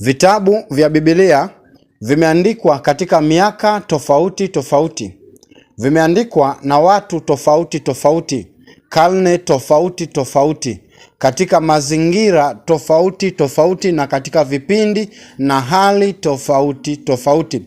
Vitabu vya Biblia vimeandikwa katika miaka tofauti tofauti, vimeandikwa na watu tofauti tofauti, karne tofauti tofauti, katika mazingira tofauti tofauti na katika vipindi na hali tofauti tofauti.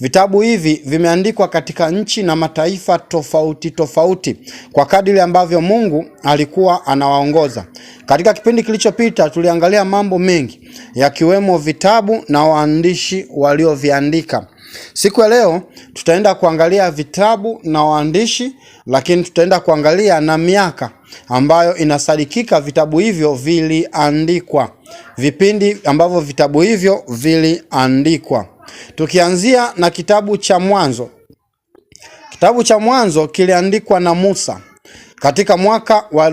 Vitabu hivi vimeandikwa katika nchi na mataifa tofauti tofauti kwa kadiri ambavyo Mungu alikuwa anawaongoza. Katika kipindi kilichopita tuliangalia mambo mengi yakiwemo vitabu na waandishi walioviandika. Siku ya leo tutaenda kuangalia vitabu na waandishi, lakini tutaenda kuangalia na miaka ambayo inasadikika vitabu hivyo viliandikwa, vipindi ambavyo vitabu hivyo viliandikwa, tukianzia na kitabu cha Mwanzo. Kitabu cha Mwanzo kiliandikwa na Musa katika mwaka wa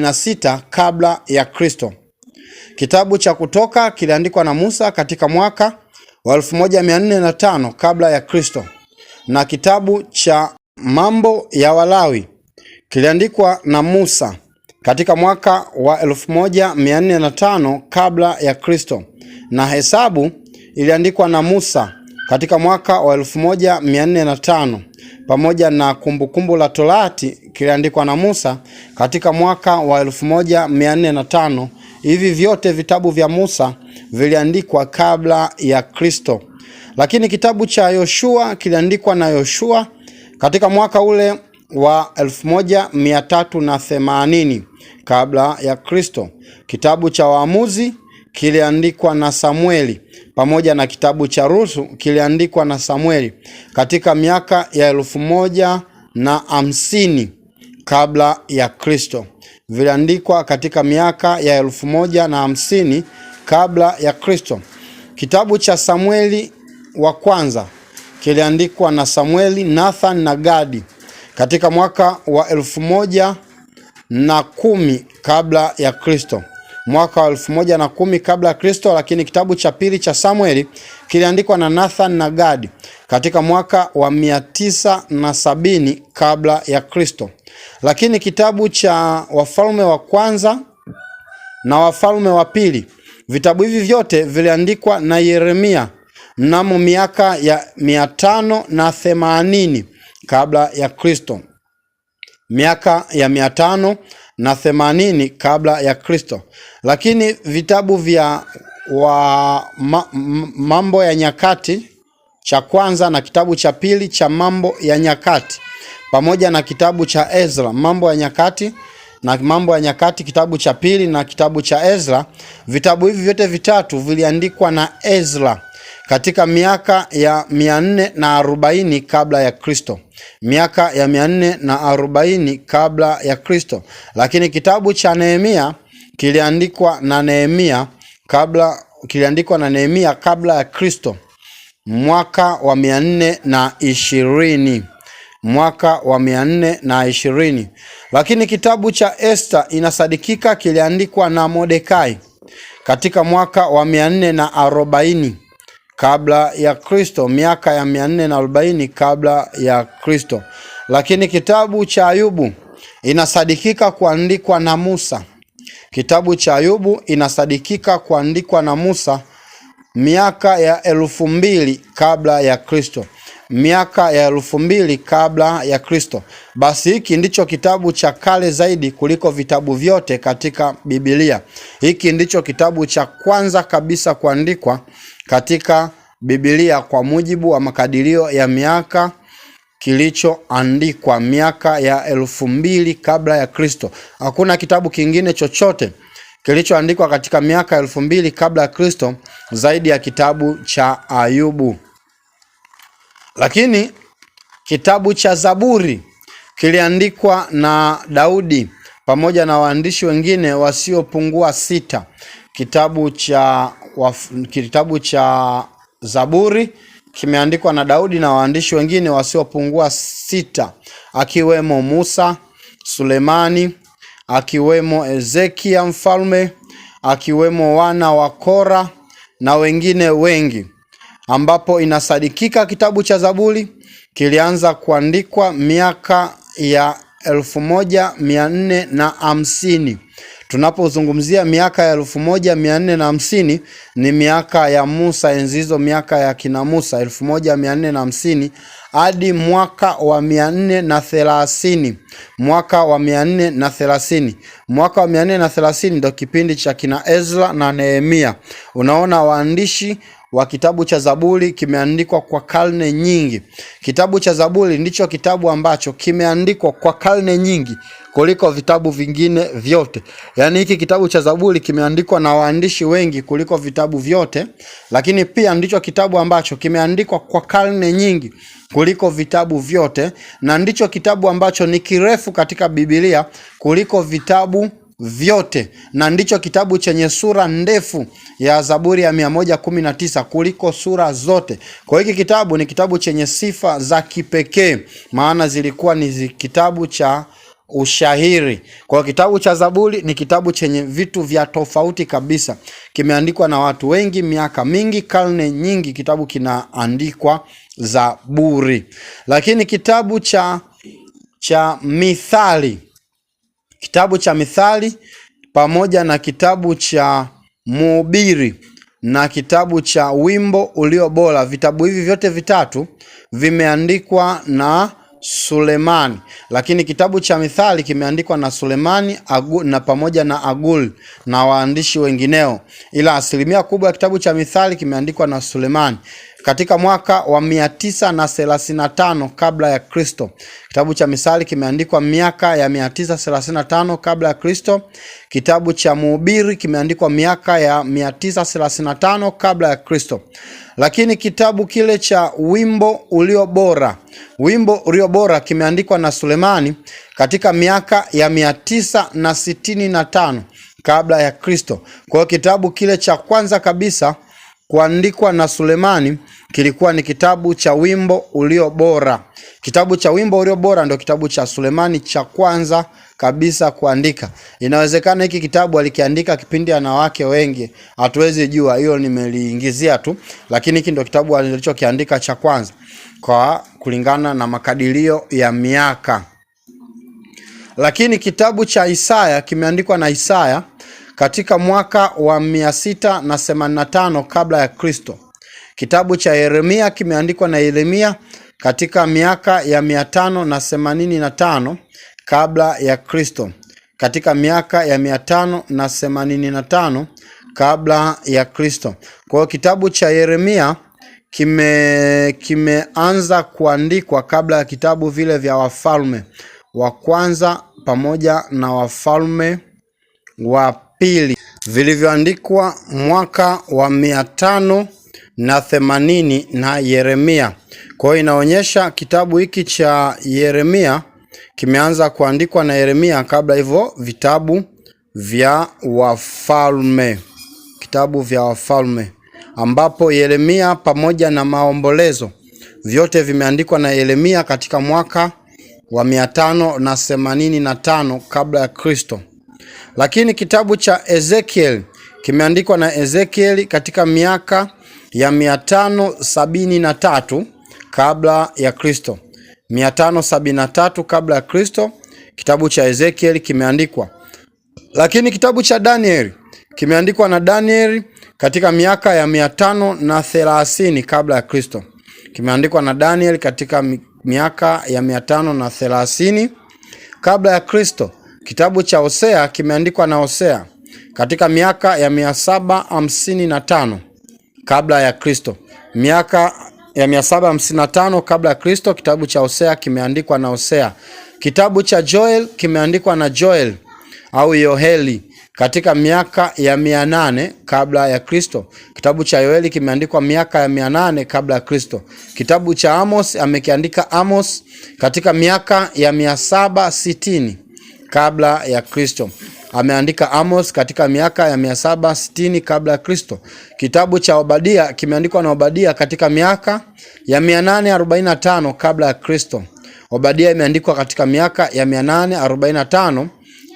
na sita kabla ya Kristo. Kitabu cha Kutoka kiliandikwa na Musa katika mwaka wa 1405 kabla ya Kristo, na kitabu cha Mambo ya Walawi kiliandikwa na Musa katika mwaka wa 1405 kabla ya Kristo, na Hesabu iliandikwa na Musa katika mwaka wa 1405 pamoja na Kumbukumbu kumbu la Torati kiliandikwa na Musa katika mwaka wa 1405 Hivi vyote vitabu vya Musa viliandikwa kabla ya Kristo, lakini kitabu cha Yoshua kiliandikwa na Yoshua katika mwaka ule wa 1380 kabla ya Kristo. Kitabu cha Waamuzi kiliandikwa na Samueli pamoja na kitabu cha Rusu kiliandikwa na Samueli katika miaka ya elfu moja na hamsini kabla ya Kristo viliandikwa katika miaka ya elfu moja na hamsini kabla ya Kristo. Kitabu cha Samueli wa kwanza kiliandikwa na Samueli, Nathan na Gadi katika mwaka wa elfu moja na kumi kabla ya Kristo mwaka wa elfu moja na kumi kabla ya Kristo. Lakini kitabu cha pili cha Samueli kiliandikwa na Nathan na Gad katika mwaka wa na sabini kabla ya Kristo, lakini kitabu cha Wafalme wa kwanza na Wafalme wa pili, vitabu hivi vyote viliandikwa na Yeremia mnamo miaka ya na themanini kabla ya Kristo, miaka ya na themanini kabla ya Kristo, lakini vitabu vya wa ma, Mambo ya Nyakati cha kwanza na kitabu cha pili cha Mambo ya Nyakati pamoja na kitabu cha Ezra, Mambo ya Nyakati na Mambo ya Nyakati kitabu cha pili na kitabu cha Ezra. Vitabu hivi vyote vitatu viliandikwa na Ezra katika miaka ya 440 kabla ya Kristo, miaka ya 440 kabla ya Kristo. Lakini kitabu cha Nehemia kiliandikwa na Nehemia kabla kiliandikwa na Nehemia kabla ya Kristo mwaka wa mia nne na ishirini mwaka wa mia nne na ishirini lakini kitabu cha Esta inasadikika kiliandikwa na Mordekai katika mwaka wa mia nne na arobaini kabla ya Kristo, miaka ya mia nne na arobaini kabla ya Kristo. Lakini kitabu cha Ayubu inasadikika kuandikwa na Musa Kitabu cha Ayubu inasadikika kuandikwa na Musa miaka ya elfu mbili kabla ya Kristo miaka ya elfu mbili kabla ya Kristo. Basi hiki ndicho kitabu cha kale zaidi kuliko vitabu vyote katika Biblia. Hiki ndicho kitabu cha kwanza kabisa kuandikwa katika Biblia kwa mujibu wa makadirio ya miaka kilichoandikwa miaka ya elfu mbili kabla ya Kristo. Hakuna kitabu kingine chochote kilichoandikwa katika miaka elfu mbili kabla ya Kristo zaidi ya kitabu cha Ayubu. Lakini kitabu cha Zaburi kiliandikwa na Daudi pamoja na waandishi wengine wasiopungua sita. Kitabu cha, waf, kitabu cha Zaburi kimeandikwa na Daudi na waandishi wengine wasiopungua sita, akiwemo Musa, Sulemani, akiwemo Ezekia mfalme, akiwemo wana wa Kora na wengine wengi, ambapo inasadikika kitabu cha Zaburi kilianza kuandikwa miaka ya elfu moja mia nne na hamsini Tunapozungumzia miaka ya elfu moja mia nne na hamsini ni miaka ya Musa, enzi hizo miaka ya kina Musa elfu moja mia nne na hamsini hadi mwaka wa mia nne na thelathini mwaka wa mia nne na thelathini mwaka wa mia nne na thelathini ndo kipindi cha kina Ezra na Nehemia. Unaona waandishi wa kitabu cha Zaburi kimeandikwa kwa karne nyingi. Kitabu cha Zaburi ndicho kitabu ambacho kimeandikwa kwa karne nyingi kuliko vitabu vingine vyote. Yaani hiki kitabu cha Zaburi kimeandikwa na waandishi wengi kuliko vitabu vyote, lakini pia ndicho kitabu ambacho kimeandikwa kwa karne nyingi kuliko vitabu vyote na ndicho kitabu ambacho ni kirefu katika Biblia kuliko vitabu vyote, na ndicho kitabu chenye sura ndefu ya Zaburi ya 119 kuliko sura zote. Kwa hiki kitabu ni kitabu chenye sifa za kipekee, maana zilikuwa ni kitabu cha ushahiri. Kwa kitabu cha Zaburi ni kitabu chenye vitu vya tofauti kabisa, kimeandikwa na watu wengi, miaka mingi, karne nyingi, kitabu kinaandikwa Zaburi. Lakini kitabu cha cha Mithali kitabu cha Mithali pamoja na kitabu cha Mhubiri na kitabu cha Wimbo Ulio Bora. Vitabu hivi vyote vitatu vimeandikwa na Sulemani, lakini kitabu cha Mithali kimeandikwa na Sulemani na pamoja na Agul na waandishi wengineo, ila asilimia kubwa ya kitabu cha Mithali kimeandikwa na Sulemani katika mwaka wa mia tisa na tano kabla ya Kristo. Kitabu cha Misali kimeandikwa miaka ya tano kabla ya Kristo. Kitabu cha Mhubiri kimeandikwa miaka ya mia tisa tano kabla ya Kristo. Lakini kitabu kile cha Wimbo ulio bora, Wimbo ulio bora kimeandikwa na Sulemani katika miaka ya na na sitini tano kabla ya Kristo. Kwa hiyo kitabu kile cha kwanza kabisa kuandikwa na Sulemani kilikuwa ni kitabu cha wimbo ulio bora. Kitabu cha wimbo ulio bora ndio kitabu cha Sulemani cha kwanza kabisa kuandika. Inawezekana hiki kitabu alikiandika kipindi wanawake wengi, hatuwezi jua, hiyo nimeliingizia tu, lakini hiki ndio kitabu alichokiandika cha kwanza kwa kulingana na makadirio ya miaka. Lakini kitabu cha Isaya kimeandikwa na Isaya katika mwaka wa 685 kabla ya Kristo. Kitabu cha Yeremia kimeandikwa na Yeremia katika miaka ya 585 kabla ya Kristo, katika miaka ya 585 kabla ya Kristo. Kwa hiyo kitabu cha Yeremia kime kimeanza kuandikwa kabla ya kitabu vile vya Wafalme wa Kwanza pamoja na Wafalme wa pili vilivyoandikwa mwaka wa mia tano na themanini na Yeremia. Kwa hiyo inaonyesha kitabu hiki cha Yeremia kimeanza kuandikwa na Yeremia kabla hivyo vitabu vya wafalme, kitabu vya wafalme ambapo Yeremia pamoja na maombolezo vyote vimeandikwa na Yeremia katika mwaka wa mia tano na themanini na tano kabla ya Kristo. Lakini kitabu cha Ezekiel kimeandikwa na Ezekiel katika miaka ya sabini na tatu kabla ya Kristo. tatu kabla ya Kristo kitabu cha Ezekiel kimeandikwa. Lakini kitabu cha Danieli kimeandikwa na Danieli katika miaka ya na 530 kabla ya Kristo. Kimeandikwa na Danieli katika miaka ya na 530 kabla ya Kristo. Kitabu cha Hosea kimeandikwa na Hosea katika miaka ya tano kabla ya Kristo. Miaka ya tano kabla ya Kristo, kitabu cha Hosea kimeandikwa na Hosea. Kitabu cha Joel kimeandikwa na Joel au Yoheli katika miaka ya nane kabla ya Kristo. Kitabu cha Yoeli kimeandikwa miaka ya nane kabla ya Kristo. Kitabu cha Amos amekiandika Amos katika miaka ya sitini kabla ya Kristo. Ameandika Amos katika miaka ya 760 kabla ya Kristo. Kitabu cha Obadia kimeandikwa na Obadia katika miaka ya 845 kabla ya Kristo. Obadia imeandikwa katika miaka ya 845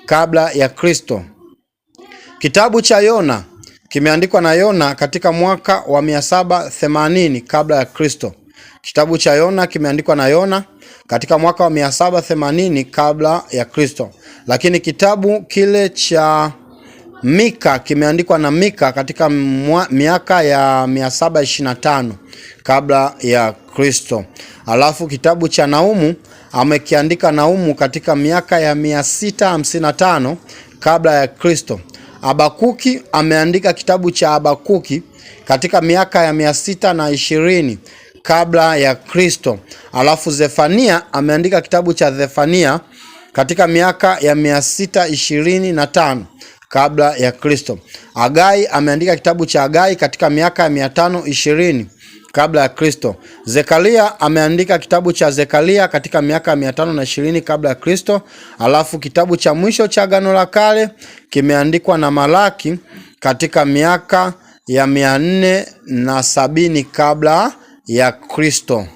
kabla ya Kristo. Kitabu cha Yona kimeandikwa na Yona katika mwaka wa 780 kabla ya Kristo. Kitabu cha Yona kimeandikwa na Yona katika mwaka wa 780 kabla ya Kristo. Lakini kitabu kile cha Mika kimeandikwa na Mika katika mwa, miaka ya 725 kabla ya Kristo. Alafu kitabu cha Naumu amekiandika Naumu katika miaka ya 655 kabla ya Kristo. abakuki ameandika kitabu cha abakuki katika miaka ya 620 kabla ya Kristo. Alafu Zefania ameandika kitabu cha Zefania katika miaka ya tano kabla ya Kristo. agai ameandika kitabu cha agai katika miaka ya 520 kabla ya Kristo. Zekaria ameandika kitabu cha Zekaria katika miaka ya 520 kabla ya Kristo. Alafu kitabu cha mwisho cha Agano la Kale kimeandikwa na Malaki katika miaka ya mia nne na sabini kabla ya Kristo.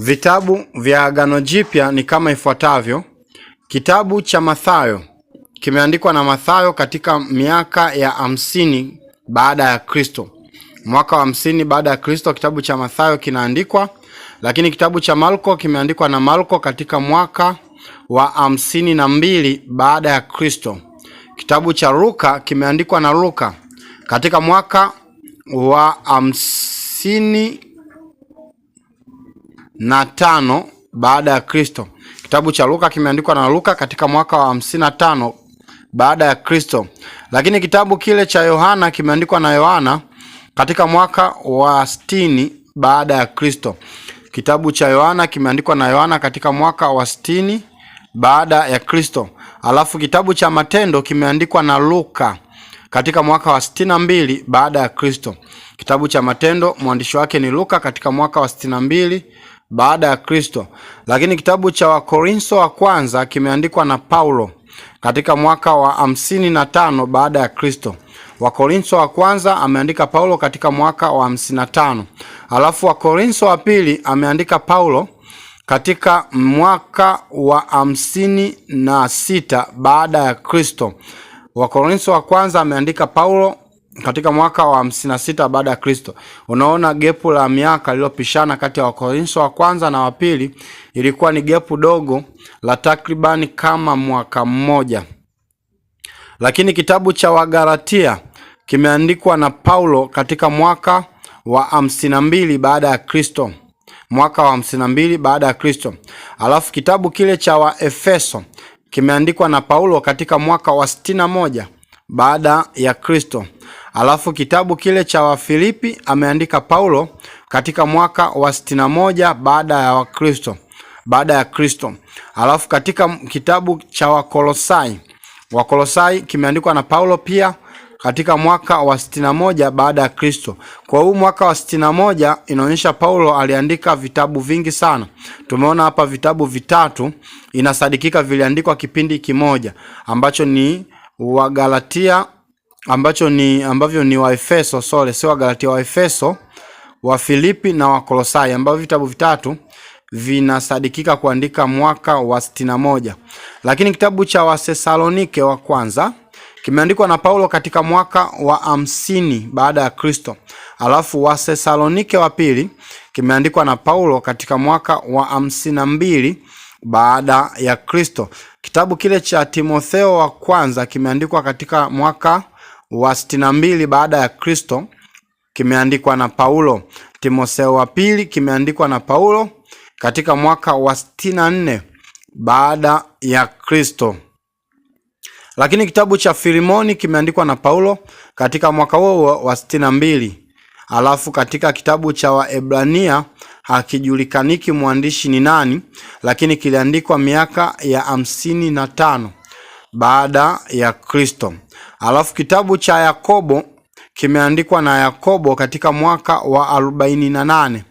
Vitabu vya Agano Jipya ni kama ifuatavyo: kitabu cha Mathayo kimeandikwa na Mathayo katika miaka ya hamsini baada ya Kristo, mwaka wa hamsini baada ya Kristo kitabu cha Mathayo kinaandikwa, lakini kitabu cha Marko kimeandikwa na Marko katika mwaka wa hamsini na mbili baada ya Kristo. Kitabu cha Luka kimeandikwa na Luka katika mwaka wa hamsini na tano baada ya Kristo. Kitabu cha Luka kimeandikwa na Luka katika mwaka wa hamsini na tano baada ya Kristo, lakini kitabu kile cha Yohana kimeandikwa na Yohana katika mwaka wa sitini baada ya Kristo. Kitabu cha Yohana kimeandikwa na Yohana katika mwaka wa sitini baada ya Kristo. Alafu kitabu cha Matendo kimeandikwa na Luka katika mwaka wa sitini na mbili baada ya Kristo. Kitabu cha Matendo mwandishi wake ni Luka katika mwaka wa sitini na mbili baada ya Kristo. Lakini kitabu cha Wakorintho wa kwanza kimeandikwa na Paulo katika mwaka wa hamsini na tano baada ya Kristo. Wakorintho wa kwanza ameandika Paulo katika mwaka wa hamsini na tano alafu Wakorintho wa pili ameandika Paulo katika mwaka wa hamsini na sita baada ya Kristo. Wakorintho wa kwanza ameandika Paulo katika mwaka wa sita baada ya Kristo. Unaona gepu la miaka lililopishana kati ya Wakorintho wa kwanza na wapili ilikuwa ni gepu dogo la takribani kama mwaka mmoja, lakini kitabu cha Wagalatia kimeandikwa na Paulo katika mwaka wa mbili baada ya Kristo, mwaka wa mbili baada ya Kristo. Alafu kitabu kile cha Waefeso kimeandikwa na Paulo katika mwaka wa moja baada ya Kristo. Alafu kitabu kile cha Wafilipi ameandika Paulo katika mwaka wa sitini na moja baada ya Wakristo baada ya Kristo. Alafu katika kitabu cha Wakolosai Wakolosai kimeandikwa na Paulo pia katika mwaka wa sitini na moja baada ya Kristo. Kwa huu mwaka wa sitini na moja inaonyesha Paulo aliandika vitabu vingi sana. Tumeona hapa vitabu vitatu inasadikika viliandikwa kipindi kimoja ambacho ni Wagalatia ambacho ni ambavyo ni Waefeso, sole sio Wagalatia, Waefeso, Wafilipi na Wakolosai, ambavyo vitabu vitatu vinasadikika kuandika mwaka wa moja, Lakini kitabu cha Wathesalonike wa kwanza kimeandikwa na Paulo katika mwaka wa hamsini baada ya Kristo. Alafu Wathesalonike wa pili kimeandikwa na Paulo katika mwaka wa hamsini na mbili baada ya Kristo. Kitabu kile cha Timotheo wa kwanza kimeandikwa katika mwaka wa 62 baada ya Kristo kimeandikwa na Paulo. Timotheo wa pili kimeandikwa na Paulo katika mwaka wa 64 baada ya Kristo. Lakini kitabu cha Filimoni kimeandikwa na Paulo katika mwaka huo wa 62. Alafu katika kitabu cha Waebrania hakijulikaniki mwandishi ni nani, lakini kiliandikwa miaka ya hamsini na tano baada ya Kristo. Alafu kitabu cha Yakobo kimeandikwa na Yakobo katika mwaka wa arobaini na nane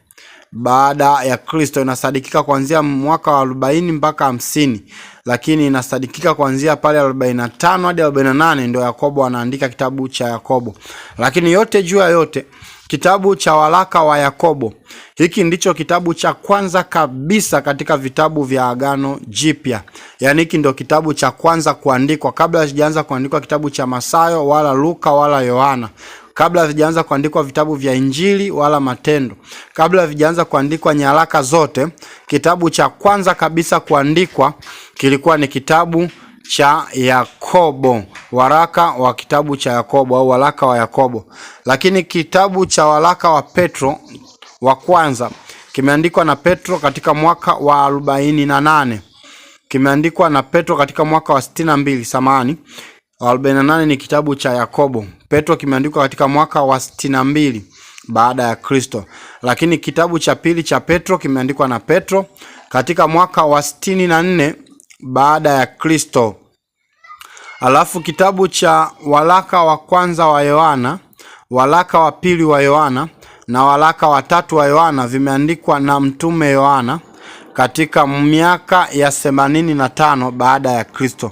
baada ya Kristo. Inasadikika kuanzia mwaka wa arobaini mpaka hamsini, lakini inasadikika kuanzia pale arobaini na tano hadi arobaini na nane ndio Yakobo anaandika kitabu cha Yakobo, lakini yote juu ya yote Kitabu cha waraka wa Yakobo. Hiki ndicho kitabu cha kwanza kabisa katika vitabu vya Agano Jipya, yaani hiki ndio kitabu cha kwanza kuandikwa, kabla hakijaanza kuandikwa kitabu cha Masayo wala Luka wala Yohana, kabla vijaanza kuandikwa vitabu vya Injili wala Matendo, kabla havijaanza kuandikwa nyaraka zote. Kitabu cha kwanza kabisa kuandikwa kilikuwa ni kitabu cha Yakobo, waraka wa kitabu cha Yakobo au waraka wa Yakobo. Lakini kitabu cha waraka wa Petro wa kwanza kimeandikwa na Petro katika mwaka wa arobaini na nane kimeandikwa na Petro katika mwaka wa sitini na mbili samani nane ni kitabu cha Yakobo. Petro kimeandikwa katika mwaka wa sitini na mbili baada ya Kristo, lakini kitabu cha pili cha Petro kimeandikwa na Petro katika mwaka wa sitini na nne baada ya Kristo. Alafu kitabu cha waraka wa kwanza wa Yohana, waraka wa pili wa Yohana na waraka wa tatu wa Yohana vimeandikwa na mtume Yohana katika miaka ya tano baada ya Kristo,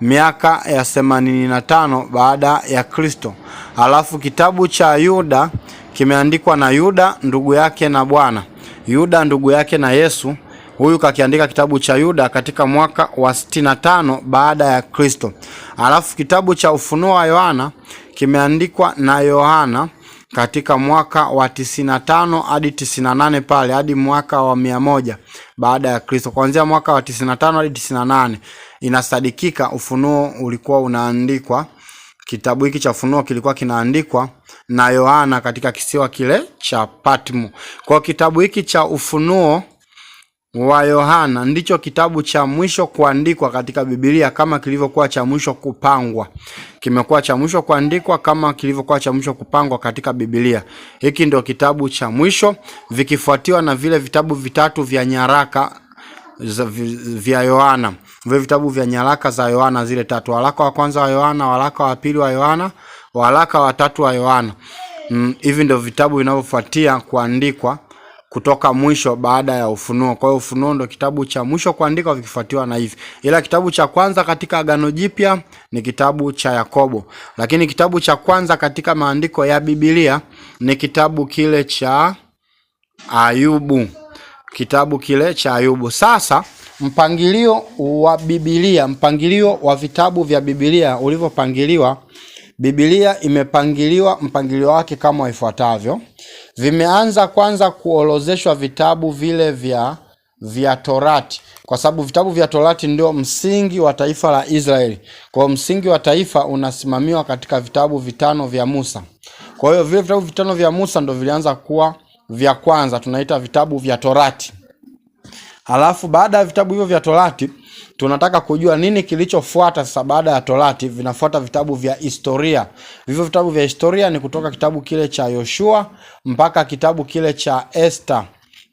miaka ya tano baada ya Kristo. Alafu kitabu cha Yuda kimeandikwa na Yuda ndugu yake na Bwana, Yuda ndugu yake na Yesu Huyu kakiandika kitabu cha Yuda katika mwaka wa 65 baada ya Kristo. Alafu kitabu cha Ufunuo wa Yohana kimeandikwa na Yohana katika mwaka wa 95 hadi 98 pale hadi mwaka wa 100 baada ya Kristo. Kuanzia mwaka wa 95 hadi 98 inasadikika Ufunuo ulikuwa unaandikwa. Kitabu hiki cha Ufunuo kilikuwa kinaandikwa na Yohana katika kisiwa kile cha Patmo. Kwa kitabu hiki cha Ufunuo wa Yohana ndicho kitabu cha mwisho kuandikwa katika Biblia kama kilivyokuwa cha mwisho kupangwa. Kimekuwa cha mwisho kuandikwa kama kilivyokuwa cha mwisho kupangwa katika Biblia. Hiki ndio kitabu cha mwisho vikifuatiwa na vile vitabu vitatu vya nyaraka vya Yohana. Vile vitabu vya nyaraka za Yohana zile tatu, waraka wa kwanza wa Yohana, waraka wa pili wa Yohana, waraka wa tatu wa Yohana. Mm, hivi mm, ndio vitabu vinavyofuatia kuandikwa kutoka mwisho baada ya Ufunuo. Kwa hiyo Ufunuo ndo kitabu cha mwisho kuandika vikifuatiwa na hivi, ila kitabu cha kwanza katika Agano Jipya ni kitabu cha Yakobo, lakini kitabu cha kwanza katika maandiko ya Biblia ni kitabu kile cha Ayubu, kitabu kile cha Ayubu. Sasa mpangilio wa Biblia, mpangilio wa vitabu vya Biblia ulivyopangiliwa, Biblia imepangiliwa mpangilio wake kama ifuatavyo vimeanza kwanza kuorozeshwa vitabu vile vya vya Torati kwa sababu vitabu vya Torati ndio msingi wa taifa la Israeli. Kwa msingi wa taifa unasimamiwa katika vitabu vitano vya Musa. Kwa hiyo vile vitabu vitano vya Musa ndio vilianza kuwa vya kwanza, tunaita vitabu vya Torati. Halafu baada ya vitabu hivyo vya Torati tunataka kujua nini kilichofuata sasa baada ya Torati. Vinafuata vitabu vya historia. Hivyo vitabu vya historia ni kutoka kitabu kile cha Yoshua mpaka kitabu kile cha esta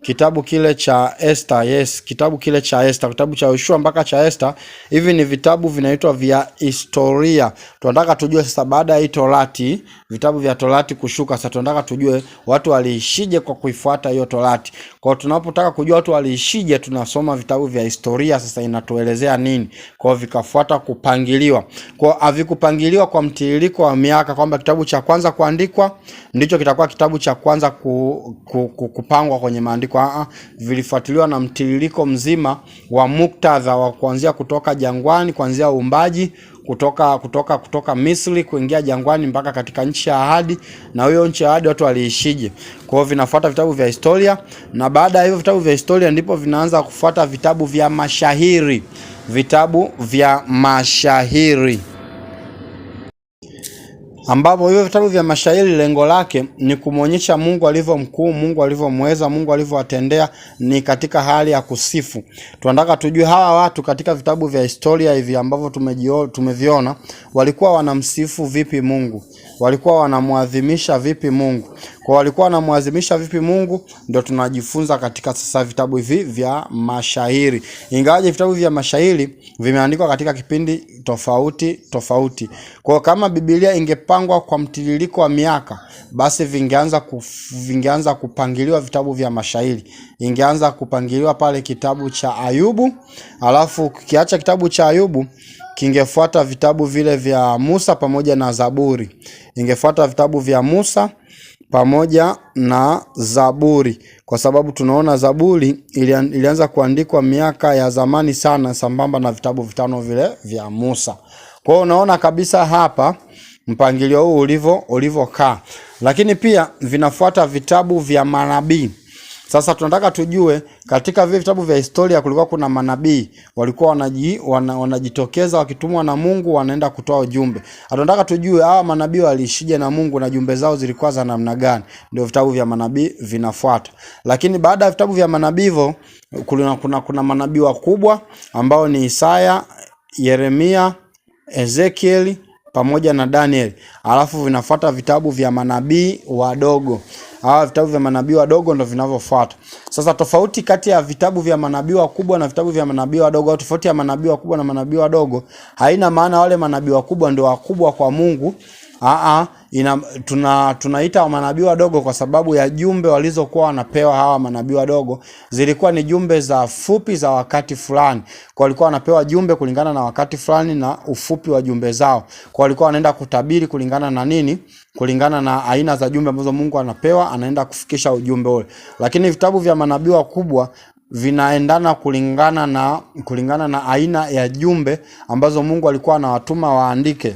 kitabu kile cha Esther, yes, kitabu kile cha Esther, kitabu cha Yoshua mpaka cha Esther. Hivi ni vitabu vinaitwa vya historia. Tunataka tujue sasa, baada ya hii Torati, vitabu vya Torati kushuka, sasa tunataka tujue watu waliishije kwa kuifuata hiyo Torati. Kwa tunapotaka kujua watu waliishije, tunasoma vitabu vya historia. Sasa inatuelezea nini? Kwa vikafuata kupangiliwa, kwa havikupangiliwa kwa mtiririko wa miaka, kwamba kitabu cha kwanza kuandikwa ndicho kitakuwa kitabu cha kwanza ku, ku, ku, kupangwa kwenye maandiko kwa ah, vilifuatiliwa na mtiririko mzima wa muktadha wa kuanzia kutoka jangwani, kuanzia uumbaji kutoka kutoka kutoka Misri kuingia jangwani mpaka katika nchi ya ahadi, na hiyo nchi ya ahadi watu waliishije. Kwa hiyo vinafuata vitabu vya historia, na baada ya hivyo vitabu vya historia ndipo vinaanza kufuata vitabu vya mashahiri, vitabu vya mashahiri ambapo hivyo vitabu vya mashairi lengo lake ni kumwonyesha Mungu alivyo mkuu, Mungu alivyomweza, Mungu alivyowatendea, ni katika hali ya kusifu. Tunataka tujue hawa watu katika vitabu vya historia hivi ambavyo tumeviona, walikuwa wanamsifu vipi Mungu, walikuwa wanamwadhimisha vipi Mungu. Kwa walikuwa wanamwazimisha vipi Mungu, ndio tunajifunza katika sasa vitabu hivi vya mashairi. Ingawaje vitabu vya mashairi vimeandikwa katika kipindi tofauti tofauti. Kwa kama Biblia ingepangwa kwa mtiririko wa miaka, basi vingeanza ku, vingeanza kupangiliwa vitabu vya mashairi. Ingeanza kupangiliwa pale kitabu cha Ayubu, alafu kiacha kitabu cha Ayubu kingefuata vitabu vile vya Musa pamoja na Zaburi. Ingefuata vitabu vya Musa pamoja na Zaburi, kwa sababu tunaona Zaburi ilianza kuandikwa miaka ya zamani sana, sambamba na vitabu vitano vile vya Musa. Kwa hiyo unaona kabisa hapa mpangilio huu ulivyokaa, lakini pia vinafuata vitabu vya manabii sasa tunataka tujue katika vile vitabu vya historia kulikuwa kuna manabii walikuwa wanaji, wana, wanajitokeza wakitumwa na Mungu wanaenda kutoa ujumbe. Tunataka tujue hawa manabii waliishije na Mungu na jumbe zao zilikuwa za namna gani? Ndio vitabu vya manabii vinafuata. Lakini baada ya vitabu vya manabii hivyo kuna kuna, kuna manabii wakubwa ambao ni Isaya, Yeremia, Ezekieli pamoja na Danieli. Alafu vinafuata vitabu vya manabii wadogo hawa vitabu vya manabii wadogo ndo vinavyofuata. Sasa tofauti kati ya vitabu vya manabii wakubwa na vitabu vya manabii wadogo au tofauti ya manabii wakubwa na manabii wadogo haina maana wale manabii wakubwa ndio wakubwa kwa Mungu Aa, ina, tuna tunaita manabii wadogo kwa sababu ya jumbe walizokuwa wanapewa hawa manabii wadogo zilikuwa ni jumbe za fupi za wakati fulani. Kwa walikuwa wanapewa jumbe kulingana na wakati fulani na ufupi wa jumbe zao. Kwa walikuwa wanaenda kutabiri kulingana na nini? Kulingana na aina za jumbe ambazo Mungu anapewa, anaenda kufikisha ujumbe ule. Lakini vitabu vya manabii wakubwa vinaendana kulingana na kulingana na aina ya jumbe ambazo Mungu alikuwa anawatuma waandike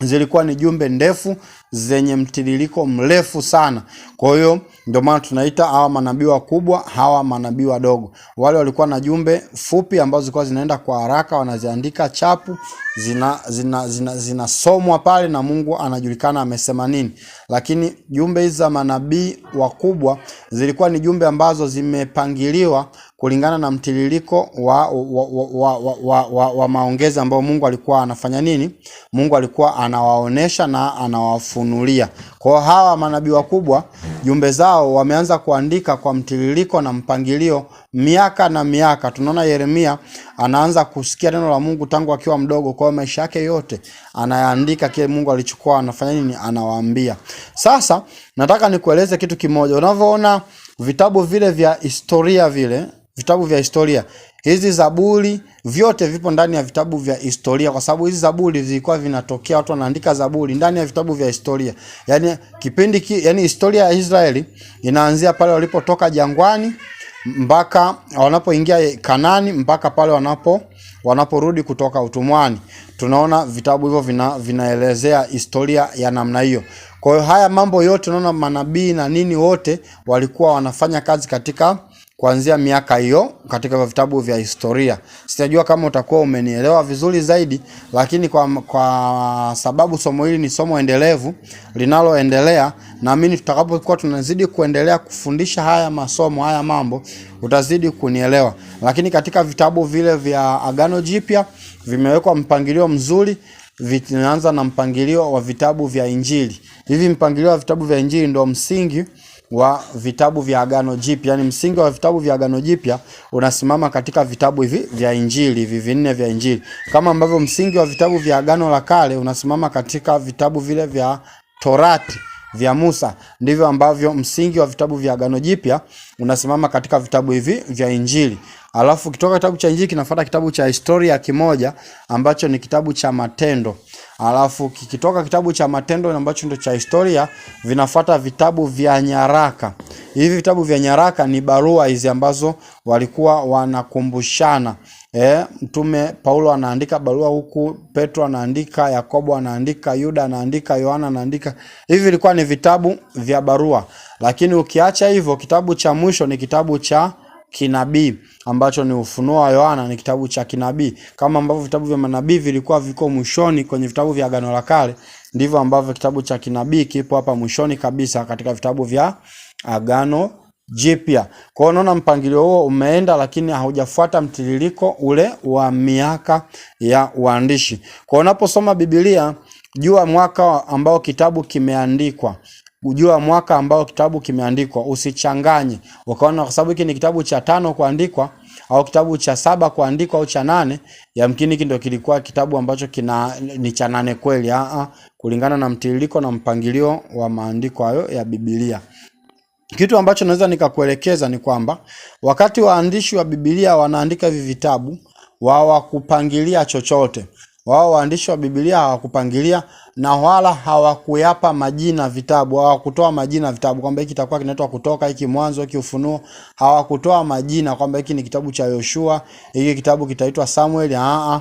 zilikuwa ni jumbe ndefu zenye mtiririko mrefu sana. Kwa hiyo ndio maana tunaita hawa manabii wakubwa, hawa manabii wadogo. Wale walikuwa na jumbe fupi ambazo zilikuwa zinaenda kwa haraka, wanaziandika chapu, zinasomwa zina, zina, zina pale na Mungu anajulikana amesema nini. Lakini jumbe hizi za manabii wakubwa zilikuwa ni jumbe ambazo zimepangiliwa kulingana na mtiririko wa, wa, wa, wa, wa, wa, wa maongezi ambayo Mungu alikuwa anafanya nini? Mungu alikuwa anawaonesha na anawafunulia. Kwa hawa manabii wakubwa jumbe zao wameanza kuandika kwa mtiririko na mpangilio miaka na miaka. Tunaona Yeremia anaanza kusikia neno la Mungu tangu akiwa mdogo, kwa maisha yake yote anayaandika kile Mungu alichukua anafanya nini, anawaambia. Sasa nataka nikueleze kitu kimoja. Unavyoona vitabu vile vya historia vile vitabu vya historia. Hizi Zaburi vyote vipo ndani ya vitabu vya historia, kwa sababu hizi Zaburi zilikuwa vinatokea, watu wanaandika Zaburi ndani ya vitabu vya historia. Yani kipindi ki, yani historia ya Israeli inaanzia pale walipotoka jangwani mpaka wanapoingia Kanani mpaka pale wanapo wanaporudi kutoka utumwani. Tunaona vitabu hivyo vina, vinaelezea historia ya namna hiyo. Kwa hiyo haya mambo yote unaona manabii na nini wote walikuwa wanafanya kazi katika kuanzia miaka hiyo katika vitabu vya historia. Sitajua kama utakuwa umenielewa vizuri zaidi, lakini kwa, kwa sababu somo hili ni somo endelevu linaloendelea, naamini tutakapokuwa tunazidi kuendelea kufundisha haya masomo haya mambo utazidi kunielewa. Lakini katika vitabu vile vya Agano Jipya vimewekwa mpangilio mzuri vinaanza na mpangilio wa vitabu vya Injili. Hivi mpangilio wa vitabu vya Injili ndio msingi wa vitabu vya Agano Jipya, yani msingi wa vitabu vya Agano Jipya unasimama katika vitabu hivi vya Injili, hivi vinne vya Injili, kama ambavyo msingi wa vitabu vya Agano la Kale unasimama katika vitabu vile vya Torati vya Musa, ndivyo ambavyo msingi wa vitabu vya Agano Jipya unasimama katika vitabu hivi vya Injili. Alafu kitoka kitabu cha Injili kinafuata kitabu cha historia kimoja ambacho ni kitabu cha Matendo alafu kikitoka kitabu cha Matendo ambacho ndio cha historia, vinafata vitabu vya nyaraka. Hivi vitabu vya nyaraka ni barua hizi ambazo walikuwa wanakumbushana. E, Mtume Paulo anaandika barua huku, Petro anaandika, Yakobo anaandika, Yuda anaandika, Yohana anaandika. Hivi vilikuwa ni vitabu vya barua, lakini ukiacha hivyo, kitabu cha mwisho ni kitabu cha kinabii ambacho ni Ufunuo wa Yohana, ni kitabu cha kinabii. Kama ambavyo vitabu vya manabii vilikuwa viko mwishoni kwenye vitabu vya Agano la Kale, ndivyo ambavyo kitabu cha kinabii kipo hapa mwishoni kabisa katika vitabu vya Agano Jipya. Kwa hiyo unaona mpangilio huo umeenda, lakini haujafuata mtiririko ule wa miaka ya uandishi. Kwa unaposoma Biblia jua mwaka ambao kitabu kimeandikwa kujua mwaka ambao kitabu kimeandikwa. Usichanganye ukaona kwa sababu hiki ni kitabu cha tano kuandikwa au kitabu cha saba kuandikwa au cha nane, yamkini hiki ndio kilikuwa kitabu ambacho kina ni cha nane kweli. Aa, kulingana na mtiririko na mpangilio wa maandiko hayo ya Biblia. Kitu ambacho naweza nikakuelekeza ni kwamba wakati waandishi wa Biblia wanaandika hivi vitabu, wao wakupangilia chochote. Wao waandishi wa Biblia hawakupangilia na wala hawakuyapa majina vitabu, hawakutoa majina vitabu kwamba hiki kitakuwa kinaitwa Kutoka, hiki Mwanzo, hiki Ufunuo. Hawakutoa majina kwamba hiki ni kitabu cha Yoshua, hiki kitabu kitaitwa Samuel. Aa,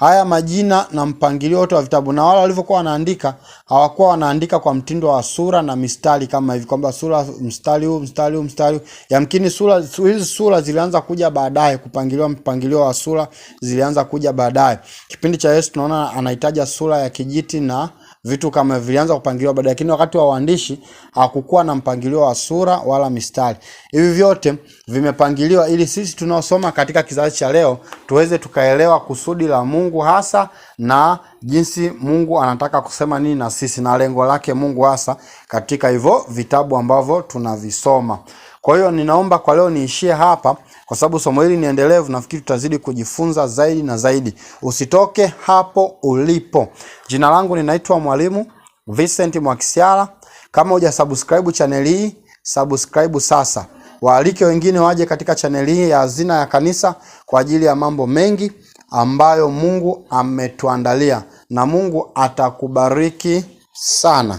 haya majina na mpangilio wote wa vitabu, na wale walivyokuwa wanaandika hawakuwa wanaandika kwa mtindo wa sura na mistari kama hivi, kwamba sura mstari huu mstari huu mstari huu. Yamkini sura hizi sura zilianza kuja baadaye, kupangiliwa mpangilio wa sura zilianza kuja baadaye. Kipindi cha Yesu tunaona anahitaja sura ya kijiti na vitu kama vilianza kupangiliwa baadaye, lakini wakati wa waandishi hakukuwa na mpangilio wa sura wala mistari. Hivi vyote vimepangiliwa ili sisi tunaosoma katika kizazi cha leo tuweze tukaelewa kusudi la Mungu hasa na jinsi Mungu anataka kusema nini na sisi na lengo lake Mungu hasa katika hivyo vitabu ambavyo tunavisoma. Kwa hiyo ninaomba kwa leo niishie hapa, kwa sababu somo hili ni endelevu. Nafikiri tutazidi kujifunza zaidi na zaidi. Usitoke hapo ulipo. Jina langu ninaitwa Mwalimu Vincent Mwakisyala. Kama huja subscribe hii, subscribe sasa. Waalike wengine waje katika chaneli hii ya Hazina ya Kanisa kwa ajili ya mambo mengi ambayo Mungu ametuandalia, na Mungu atakubariki sana.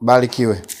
Barikiwe.